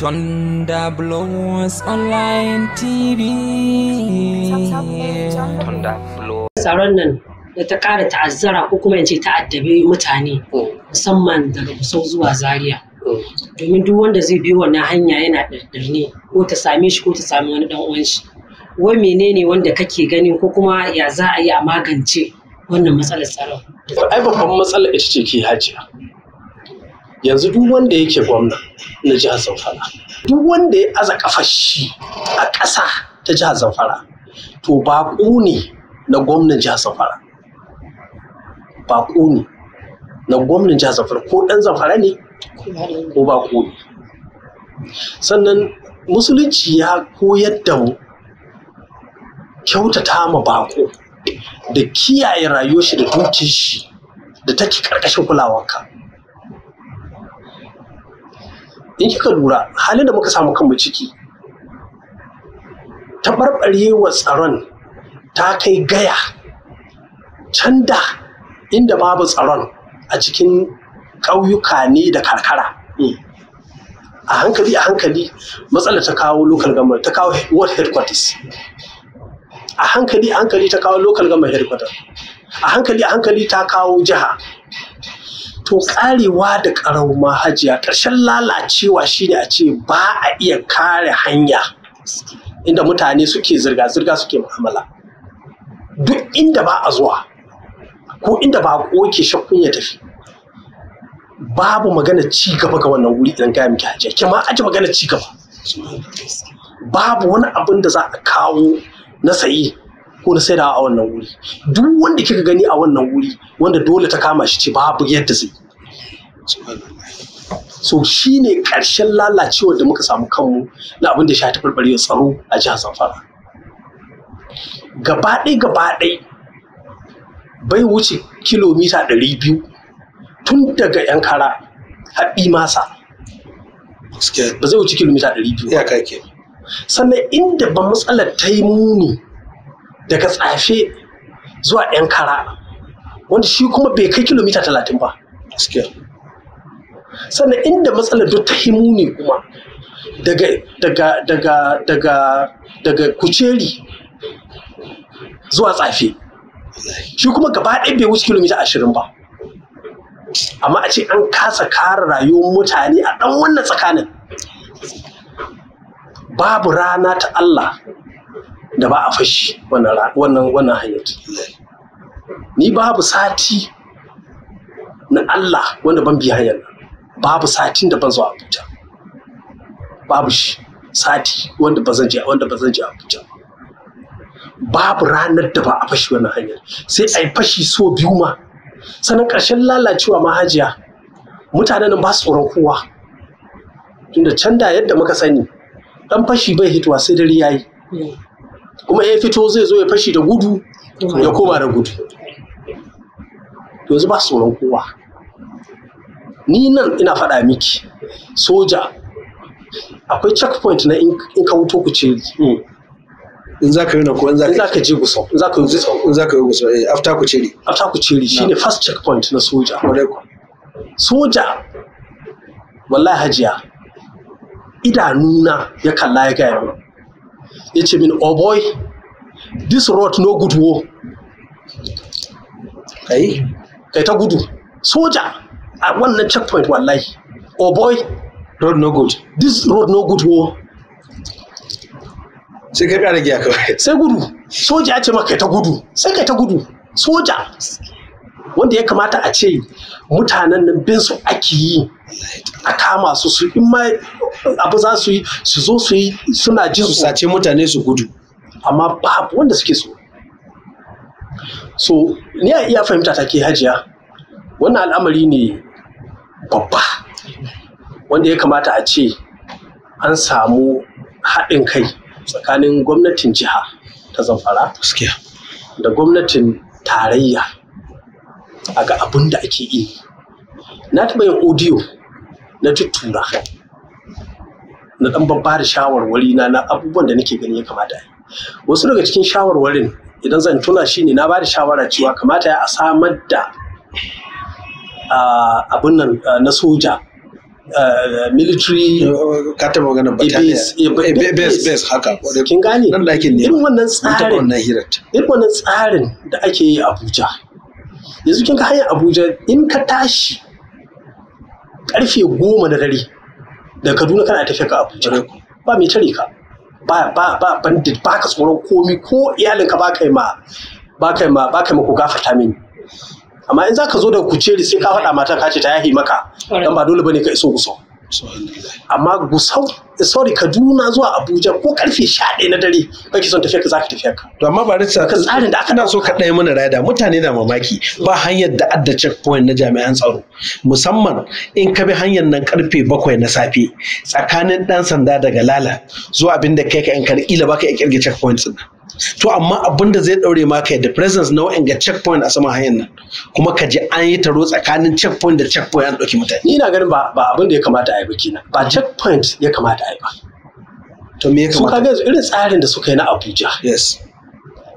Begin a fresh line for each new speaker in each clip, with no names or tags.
Thunder Blows Online TV. Thunder Blows. Tsaron nan da ta ƙara ta'azzara ko kuma ce ta addabi mutane mm. musamman daga Gusau zuwa Zaria. Mm. Domin duk wanda zai biyo wannan hanya yana ɗarɗarne ko ta same shi ko ta sami wani ɗan uwan shi. Wai menene wanda kake gani ko kuma ya za a yi a magance wannan matsalar tsaron? Ai babban matsalar ita ce ke hajiya. yanzu duk wanda yake gwamna na jihar zamfara duk wanda ya aza kafar shi a ƙasa ta jihar zamfara to baƙo ne na gwamnan jihar zamfara baƙo ne na gwamnan jihar zamfara ko ɗan zamfara ne ko baƙo ne sannan musulunci ya koyar da mu kyautata ma baƙo da kiyaye rayuwar shi da dukiyar shi da take ƙarƙashin kulawarka in kika lura halin da muka samu kanmu ciki taɓarɓarewa tsaron ta kai gaya can da inda babu tsaron a cikin ƙauyuka ne da karkara mm. a hankali a hankali matsalar ta kawo local government ta kawo world headquarters a hankali a hankali ta kawo local government headquarters a hankali a hankali ta kawo jiha to karewa da ƙarau hajiya ƙarshen lalacewa shine a ce ba a iya kare hanya inda mutane suke zirga-zirga suke mu'amala duk inda ba a zuwa ko inda ba a koke shakkun ya tafi babu magana ci gaba ga wannan wuri idan ga miki hajiya kima ji magana ci gaba babu wani abin da za a kawo na sayi ko na saidawa a wannan wuri duk wanda kika gani a wannan wuri wanda dole ta kama shi ce babu yadda zai so shi ne ƙarshen lalacewar da muka samu kanmu na abin da ya shafi farfariyar tsaro a jihar zamfara gaba ɗai gaba ɗai bai wuce kilomita ɗari biyu tun daga yankara haɓi masa ba zai wuce kilomita ɗari biyu sannan inda ba matsalar ta yi muni daga tsafe zuwa ɗan kara wanda shi kuma bai kai kilomita talatin ba sannan inda matsalar duk ta himu ne kuma daga daga kuceri zuwa tsafe shi kuma gaba ɗaya bai wuce kilomita ashirin ba amma a ce an kasa kara rayuwar mutane a ɗan wannan tsakanin babu rana ta Allah da ba a fashi wannan wannan hanyar ni babu sati na Allah wanda ban bi hanyar babu satin da ban zo Abuja babu shi sati wanda ba zan je wanda ba zan je Abuja babu ranar da ba a fashi wannan hanyar sai ai fashi so biyu ma sanan ƙarshen lalacewa mahajiya mutanen nan ba su tsoron kowa tunda can da yadda muka sani dan fashi bai hitowa sai dare yayi hmm. kuma ya fito zai zo ya fashi da gudu ya koma da gudu yanzu ba tsoron kowa ni nan ina faɗa miki soja akwai checkpoint na in ka wuto ku ce in za ka yi na ko in za ka je gusa in za ka yi gusa in za ka yi gusa eh after ku ciri after ku ciri shine first checkpoint na soja soja wallahi hajiya idanuna ya kalla ya gaya ya ce min oh boy this road no good wo kai kai ta gudu soja a wannan checkpoint wallahi oh boy road no good this road no good wo sai ka kara giya kawai sai gudu soja ya ce maka kai ta gudu sai kai ta gudu soja wanda ya kamata a ce mutanen nan bin su ake yi a kama su su in ma abu za su yi su zo su yi suna ji su sace mutane su gudu amma babu wanda suke so so ni a iya fahimta take hajiya wannan al'amari ne babba wanda ya kamata a ce an samu haɗin kai tsakanin gwamnatin jiha ta zamfara da gwamnatin tarayya a ga abin da ake yi na taɓa yin odiyo na tuttura na dan babba da shawarwari na na abubuwan da nake gani ya kamata yi wasu daga cikin shawarwarin idan zan tuna shine na bada shawara cewa kamata ya a samar da abin nan na soja military ka taba magana eh, eh, base base haka kin gane da irin wannan tsarin irin wannan tsarin da ake yi Abuja yanzu kin ga hanyar Abuja in ka tashi karfe goma na dare daga kaduna kana tafiya ka abuja ba mai tare ka ba ba ba bandit ba ka tsoron komi ko iyalinka ba kai ma ba kai ma ba kai ma ku gafarta mini amma in za ka zo da kuceri sai ka faɗa mata ka ce ta yahi maka dan ba dole bane ka iso so amma gusau sorry kaduna zuwa abuja ko karfe sha ɗaya na dare kake son tafiya ka za ka tafiya ka to amma ba da ka tsarin da aka na so ka ɗaya mana rada mutane na mamaki ba hanyar da adda checkpoint na jami'an tsaro musamman in ka bi hanyar nan karfe bakwai na safe tsakanin ɗan sanda daga lala zuwa abin kai ka yan kar kila baka iya kirge checkpoint din to amma abin da zai daure ma kai da presence na wa'in ga checkpoint a saman hanyar nan kuma ka ji an yi taro tsakanin checkpoint da checkpoint an ɗauki mutane ni na ganin ba ba abin da ya kamata a yi ba kenan ba checkpoint ya kamata a yi ba to me ya kamata su kaga irin tsarin da suka yi na Abuja yes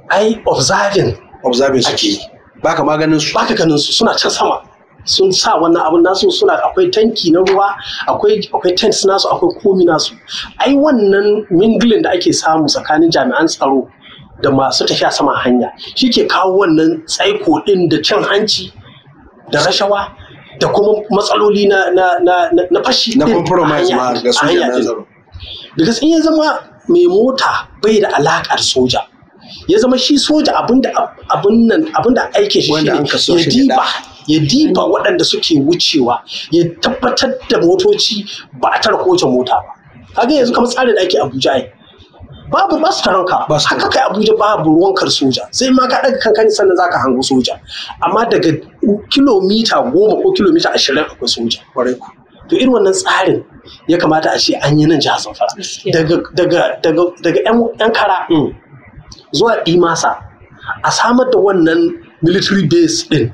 ai observing observing suke yi baka maganin su baka ganin su suna can sama sun sa wannan abun nasu suna akwai tanki na ruwa akwai akwai tents nasu akwai komi nasu ai wannan mingling da ake samu tsakanin jami'an tsaro da masu tafiya sama hanya shi ke kawo wannan tsaiko ɗin da cin hanci da rashawa da kuma matsaloli na na na na fashi na compromise ma ga soja na zaro da gaskiya ya zama mai mota bai da alakar soja ya zama shi soja abinda abin nan abinda aike shi shine ya diba ya diba waɗanda suke wucewa ya tabbatar da motoci ba a tarkoce mota ba kaga yanzu kamar tsarin aiki Abuja babu ba su taron haka kai abuja babu ruwankar soja sai ma ka daga kankani sannan ka hango soja amma daga kilomita goma ko kilomita ashirin akwai soja kwarai ku to irin wannan tsarin ya kamata a ce an yi nan jihar zamfara daga yan kara mm, zuwa imasa a samar da wannan military base din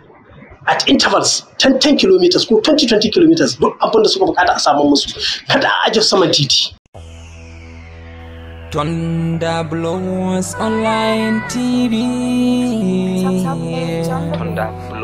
at intervals 10 10 kilometers ko 20 20 kilometers duk abin da suka bukata a samun musu kada a aje saman titi Thunder Blows Online TV. Thunder